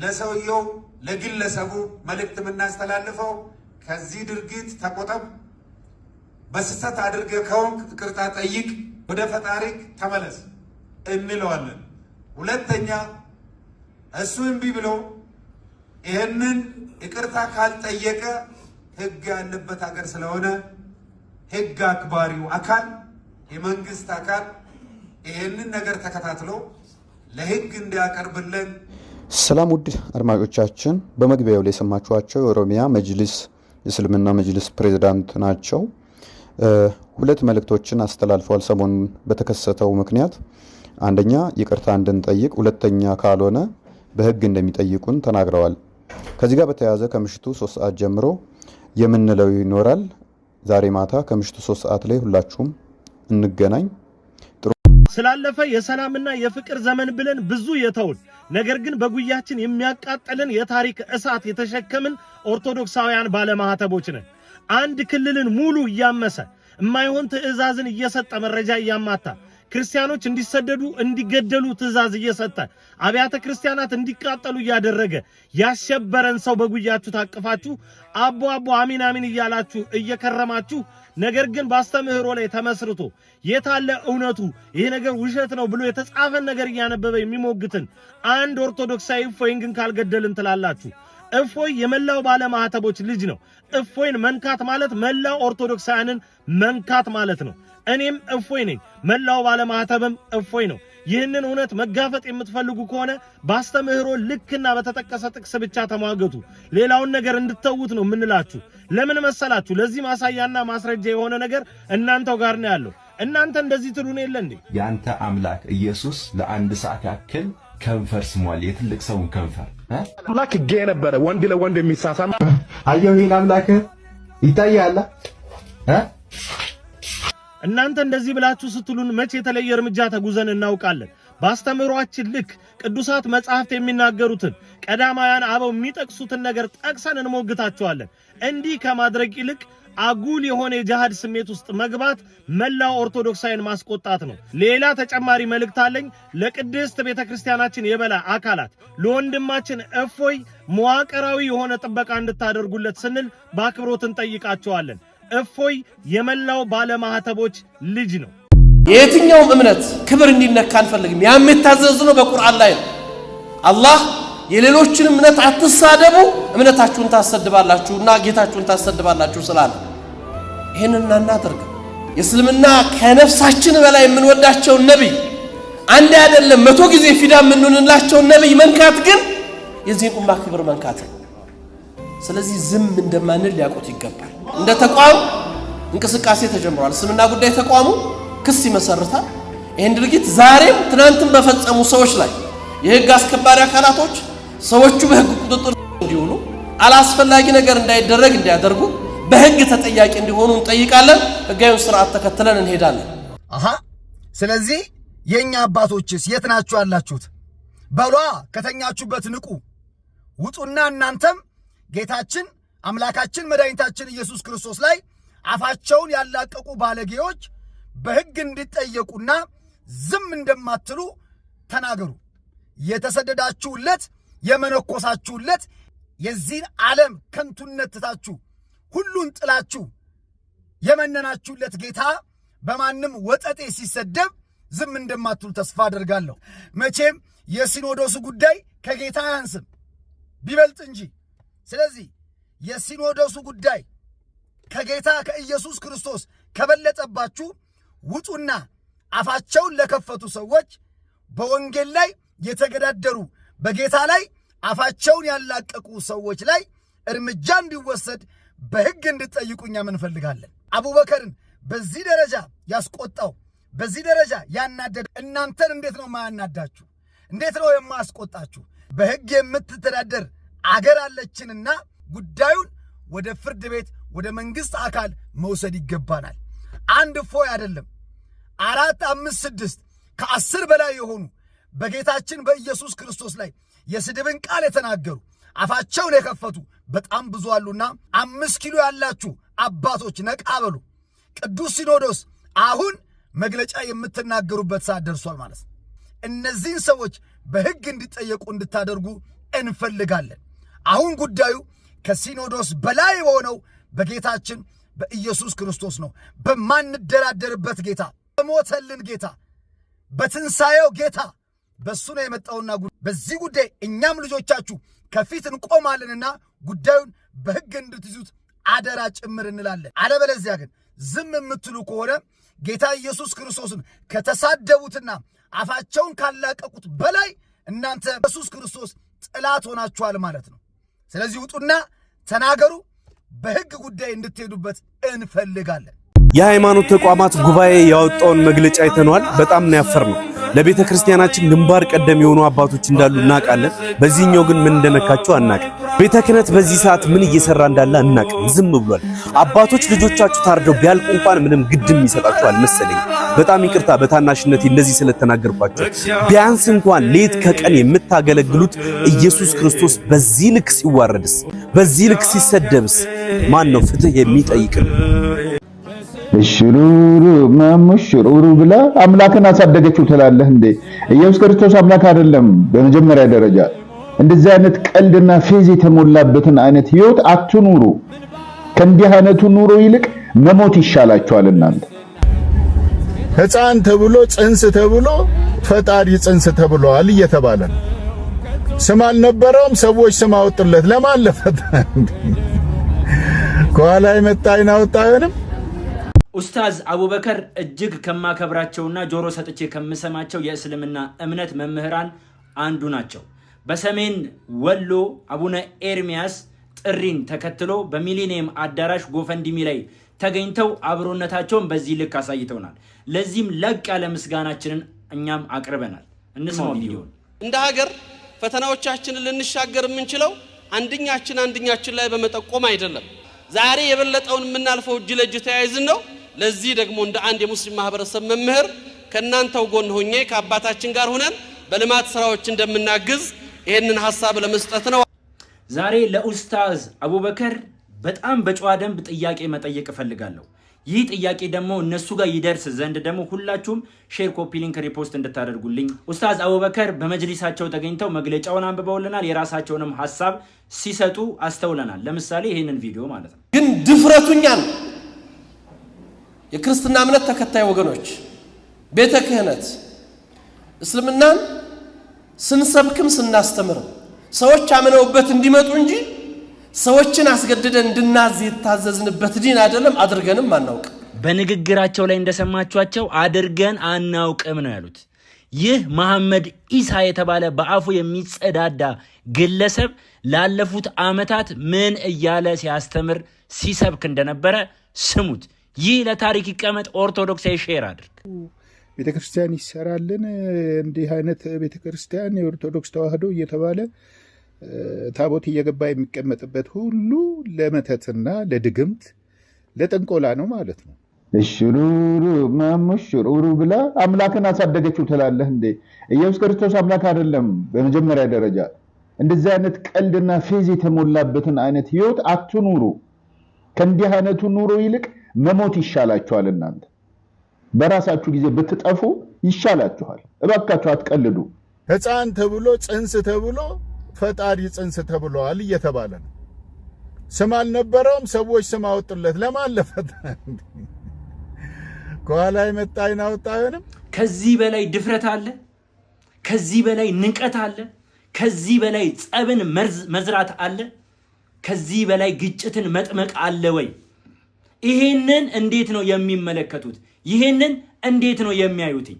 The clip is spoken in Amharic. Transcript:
ለሰውየው ለግለሰቡ መልእክት የምናስተላልፈው ከዚህ ድርጊት ተቆጠብ፣ በስህተት አድርገ ከሆንክ ይቅርታ ጠይቅ፣ ወደ ፈጣሪ ተመለስ እንለዋለን። ሁለተኛ እሱ እምቢ ብሎ ይህንን ይቅርታ ካልጠየቀ ህግ ያለበት ሀገር ስለሆነ ህግ አክባሪው አካል የመንግስት አካል ይህንን ነገር ተከታትሎ ለህግ እንዲያቀርብልን ሰላም ውድ አድማጮቻችን፣ በመግቢያው ላይ የሰማችኋቸው የኦሮሚያ መጅሊስ የእስልምና መጅሊስ ፕሬዚዳንት ናቸው። ሁለት መልእክቶችን አስተላልፈዋል። ሰሞኑን በተከሰተው ምክንያት አንደኛ ይቅርታ እንድንጠይቅ፣ ሁለተኛ ካልሆነ በህግ እንደሚጠይቁን ተናግረዋል። ከዚህ ጋር በተያያዘ ከምሽቱ ሶስት ሰዓት ጀምሮ የምንለው ይኖራል። ዛሬ ማታ ከምሽቱ ሶስት ሰዓት ላይ ሁላችሁም እንገናኝ። ስላለፈ የሰላምና የፍቅር ዘመን ብለን ብዙ የተውን ነገር ግን በጉያችን የሚያቃጠልን የታሪክ እሳት የተሸከምን ኦርቶዶክሳውያን ባለማህተቦች ነን። አንድ ክልልን ሙሉ እያመሰ የማይሆን ትዕዛዝን እየሰጠ መረጃ እያማታ ክርስቲያኖች እንዲሰደዱ፣ እንዲገደሉ ትእዛዝ እየሰጠ አብያተ ክርስቲያናት እንዲቃጠሉ እያደረገ ያሸበረን ሰው በጉያችሁ ታቅፋችሁ አቦ አቦ አሚን አሚን እያላችሁ እየከረማችሁ ነገር ግን በአስተምህሮ ላይ ተመስርቶ የታለ እውነቱ ይሄ ነገር ውሸት ነው ብሎ የተጻፈን ነገር እያነበበ የሚሞግትን አንድ ኦርቶዶክሳዊ ፎይንግን ካልገደልን ትላላችሁ። እፎይ የመላው ባለማህተቦች ልጅ ነው። እፎይን መንካት ማለት መላው ኦርቶዶክሳውያንን መንካት ማለት ነው። እኔም እፎይ ነኝ፣ መላው ባለማህተብም እፎይ ነው። ይህንን እውነት መጋፈጥ የምትፈልጉ ከሆነ በአስተምህሮ ልክና በተጠቀሰ ጥቅስ ብቻ ተሟገቱ። ሌላውን ነገር እንድተዉት ነው የምንላችሁ። ለምን መሰላችሁ? ለዚህ ማሳያና ማስረጃ የሆነ ነገር እናንተው ጋር ነው ያለው። እናንተ እንደዚህ ትሉን የለ እንዴ? የአንተ አምላክ ኢየሱስ ለአንድ ሰዓት ያክል ከንፈር ስሟል፣ የትልቅ ሰውን ከንፈር አምላክ ጌ ነበረ ወንድ ለወንድ የሚሳሳም አየሁ። ይህን አምላክ ይታያል። እናንተ እንደዚህ ብላችሁ ስትሉን መቼ የተለየ እርምጃ ተጉዘን እናውቃለን? በአስተምህሯችን ልክ ቅዱሳት መጽሐፍት የሚናገሩትን ቀዳማውያን አበው የሚጠቅሱትን ነገር ጠቅሰን እንሞግታቸዋለን። እንዲህ ከማድረግ ይልቅ አጉል የሆነ የጅሃድ ስሜት ውስጥ መግባት መላው ኦርቶዶክሳዊን ማስቆጣት ነው። ሌላ ተጨማሪ መልእክት አለኝ። ለቅድስት ቤተ ክርስቲያናችን የበላይ አካላት ለወንድማችን እፎይ መዋቅራዊ የሆነ ጥበቃ እንድታደርጉለት ስንል በአክብሮት እንጠይቃቸዋለን። እፎይ የመላው ባለማህተቦች ልጅ ነው። የየትኛውም እምነት ክብር እንዲነካ አንፈልግም። ያም የታዘዝነው በቁርአን ላይ ነው አላህ የሌሎችን እምነት አትሳደቡ፣ እምነታችሁን ታሰድባላችሁ እና ጌታችሁን ታሰድባላችሁ ስላለ ይህንን እናናደርግ። የእስልምና ከነፍሳችን በላይ የምንወዳቸውን ነቢይ አንድ አይደለም መቶ ጊዜ ፊዳ የምንሆንላቸውን ነቢይ መንካት ግን የዚህን ኡማ ክብር መንካት ነው። ስለዚህ ዝም እንደማንል ሊያውቁት ይገባል። እንደ ተቋም እንቅስቃሴ ተጀምሯል። እስልምና ጉዳይ ተቋሙ ክስ ይመሰርታል። ይህን ድርጊት ዛሬም ትናንትም በፈጸሙ ሰዎች ላይ የህግ አስከባሪ አካላቶች ሰዎቹ በህግ ቁጥጥር እንዲውሉ አላስፈላጊ ነገር እንዳይደረግ እንዲያደርጉ በህግ ተጠያቂ እንዲሆኑ እንጠይቃለን። ህጋዊውን ስርዓት ተከትለን እንሄዳለን። አሃ ስለዚህ የእኛ አባቶችስ የት ናችሁ አላችሁት? በሏ ከተኛችሁበት ንቁ፣ ውጡና እናንተም ጌታችን አምላካችን መድኃኒታችን ኢየሱስ ክርስቶስ ላይ አፋቸውን ያላቀቁ ባለጌዎች በህግ እንዲጠየቁና ዝም እንደማትሉ ተናገሩ። የተሰደዳችሁለት የመነኮሳችሁለት የዚህን ዓለም ከንቱነት ትታችሁ ሁሉን ጥላችሁ የመነናችሁለት ጌታ በማንም ወጠጤ ሲሰደብ ዝም እንደማትሉ ተስፋ አደርጋለሁ። መቼም የሲኖዶሱ ጉዳይ ከጌታ አያንስም ቢበልጥ እንጂ። ስለዚህ የሲኖዶሱ ጉዳይ ከጌታ ከኢየሱስ ክርስቶስ ከበለጠባችሁ ውጡና አፋቸውን ለከፈቱ ሰዎች በወንጌል ላይ የተገዳደሩ በጌታ ላይ አፋቸውን ያላቀቁ ሰዎች ላይ እርምጃ እንዲወሰድ በሕግ እንድትጠይቁ እኛም እንፈልጋለን። አቡበከርን በዚህ ደረጃ ያስቆጣው በዚህ ደረጃ ያናደደ እናንተን እንዴት ነው ማያናዳችሁ? እንዴት ነው የማያስቆጣችሁ? በሕግ የምትተዳደር አገር አለችንና ጉዳዩን ወደ ፍርድ ቤት ወደ መንግስት አካል መውሰድ ይገባናል። አንድ ፎይ አይደለም፣ አራት፣ አምስት፣ ስድስት ከአስር በላይ የሆኑ በጌታችን በኢየሱስ ክርስቶስ ላይ የስድብን ቃል የተናገሩ አፋቸውን የከፈቱ በጣም ብዙ አሉና አምስት ኪሎ ያላችሁ አባቶች ነቃ በሉ። ቅዱስ ሲኖዶስ አሁን መግለጫ የምትናገሩበት ሰዓት ደርሷል ማለት ነው። እነዚህን ሰዎች በሕግ እንዲጠየቁ እንድታደርጉ እንፈልጋለን። አሁን ጉዳዩ ከሲኖዶስ በላይ በሆነው በጌታችን በኢየሱስ ክርስቶስ ነው። በማንደራደርበት ጌታ፣ በሞተልን ጌታ፣ በትንሣኤው ጌታ በእሱ ነው የመጣውና በዚህ ጉዳይ እኛም ልጆቻችሁ ከፊት እንቆማለንና ጉዳዩን በህግ እንድትይዙት አደራ ጭምር እንላለን። አለበለዚያ ግን ዝም የምትሉ ከሆነ ጌታ ኢየሱስ ክርስቶስን ከተሳደቡትና አፋቸውን ካላቀቁት በላይ እናንተ ኢየሱስ ክርስቶስ ጥላት ሆናችኋል ማለት ነው። ስለዚህ ውጡና ተናገሩ። በህግ ጉዳይ እንድትሄዱበት እንፈልጋለን። የሃይማኖት ተቋማት ጉባኤ ያወጣውን መግለጫ አይተነዋል። በጣም ነው ያፈር ነው ለቤተ ክርስቲያናችን ግንባር ቀደም የሆኑ አባቶች እንዳሉ እናውቃለን። በዚህኛው ግን ምን እንደነካቸው አናውቅም። ቤተ ክህነት በዚህ ሰዓት ምን እየሰራ እንዳለ አናውቅም። ዝም ብሏል። አባቶች ልጆቻችሁ ታርደው ቢያልቁ እንኳን ምንም ግድም ይሰጣችሁ አልመሰለኝ። በጣም ይቅርታ በታናሽነት እንደዚህ ስለተናገርኳቸው። ቢያንስ እንኳን ሌት ከቀን የምታገለግሉት ኢየሱስ ክርስቶስ በዚህ ልክ ሲዋረድስ፣ በዚህ ልክ ሲሰደብስ ማን ነው ፍትህ የሚጠይቅን? እሽሩሩ መምሽሩሩ ብላ አምላክን አሳደገችው ትላለህ እንዴ? ኢየሱስ ክርስቶስ አምላክ አይደለም። በመጀመሪያ ደረጃ እንደዚህ አይነት ቀልድና ፌዝ የተሞላበትን አይነት ህይወት አትኑሩ። ከእንዲህ አይነቱ ኑሮ ይልቅ መሞት ይሻላችኋል። እናንተ ሕፃን ተብሎ ጽንስ ተብሎ ፈጣሪ ጽንስ ተብሏል እየተባለ ነው። ስም አልነበረውም፣ ሰዎች ስም አወጡለት። ለማን ለፈጣሪ ከኋላ የመጣ አይን አይሆንም። ኡስታዝ አቡበከር እጅግ ከማከብራቸውና ጆሮ ሰጥቼ ከምሰማቸው የእስልምና እምነት መምህራን አንዱ ናቸው። በሰሜን ወሎ አቡነ ኤርሚያስ ጥሪን ተከትሎ በሚሊኒየም አዳራሽ ጎፈንዲሚ ላይ ተገኝተው አብሮነታቸውን በዚህ ልክ አሳይተውናል። ለዚህም ለቅ ያለ ምስጋናችንን እኛም አቅርበናል። እንስማው ቪዲዮን። እንደ ሀገር ፈተናዎቻችንን ልንሻገር የምንችለው አንድኛችን አንድኛችን ላይ በመጠቆም አይደለም። ዛሬ የበለጠውን የምናልፈው እጅ ለእጅ ተያይዝን ነው። ለዚህ ደግሞ እንደ አንድ የሙስሊም ማህበረሰብ መምህር ከእናንተው ጎን ሆኜ ከአባታችን ጋር ሆነን በልማት ስራዎች እንደምናግዝ ይህንን ሀሳብ ለመስጠት ነው። ዛሬ ለኡስታዝ አቡበከር በጣም በጨዋ ደንብ ጥያቄ መጠየቅ እፈልጋለሁ። ይህ ጥያቄ ደግሞ እነሱ ጋር ይደርስ ዘንድ ደግሞ ሁላችሁም ሼር፣ ኮፒ ሊንክ፣ ሪፖስት እንድታደርጉልኝ። ኡስታዝ አቡበከር በመጅሊሳቸው ተገኝተው መግለጫውን አንብበውልናል። የራሳቸውንም ሀሳብ ሲሰጡ አስተውለናል። ለምሳሌ ይህንን ቪዲዮ ማለት ነው። ግን ድፍረቱኛል የክርስትና እምነት ተከታይ ወገኖች ቤተ ክህነት እስልምናን ስንሰብክም ስናስተምርም ሰዎች አምነውበት እንዲመጡ እንጂ ሰዎችን አስገድደን እንድናዝ የታዘዝንበት ዲን አይደለም። አድርገንም አናውቅም። በንግግራቸው ላይ እንደሰማችኋቸው አድርገን አናውቅም ነው ያሉት። ይህ መሐመድ ኢሳ የተባለ በአፉ የሚጸዳዳ ግለሰብ ላለፉት ዓመታት ምን እያለ ሲያስተምር ሲሰብክ እንደነበረ ስሙት። ይህ ለታሪክ ይቀመጥ። ኦርቶዶክሳዊ ሼር አድርግ። ቤተክርስቲያን ይሰራልን። እንዲህ አይነት ቤተክርስቲያን የኦርቶዶክስ ተዋህዶ እየተባለ ታቦት እየገባ የሚቀመጥበት ሁሉ ለመተትና ለድግምት ለጥንቆላ ነው ማለት ነው። እሽሩሩ መምሽሩሩ ብላ አምላክን አሳደገችው ትላለህ እንዴ? ኢየሱስ ክርስቶስ አምላክ አይደለም። በመጀመሪያ ደረጃ እንደዚህ አይነት ቀልድና ፌዝ የተሞላበትን አይነት ህይወት አትኑሩ። ከእንዲህ አይነቱ ኑሮ ይልቅ መሞት ይሻላችኋል። እናንተ በራሳችሁ ጊዜ ብትጠፉ ይሻላችኋል። እባካችሁ አትቀልዱ። ሕፃን ተብሎ ጽንስ ተብሎ ፈጣሪ ጽንስ ተብለዋል እየተባለ ነው። ስም አልነበረውም፣ ሰዎች ስም አወጡለት። ለማን ከኋላ የመጣ አይን አወጣ አይሆንም። ከዚህ በላይ ድፍረት አለ? ከዚህ በላይ ንቀት አለ? ከዚህ በላይ ጸብን መዝራት አለ? ከዚህ በላይ ግጭትን መጥመቅ አለ ወይ? ይሄንን እንዴት ነው የሚመለከቱት? ይሄንን እንዴት ነው የሚያዩትኝ?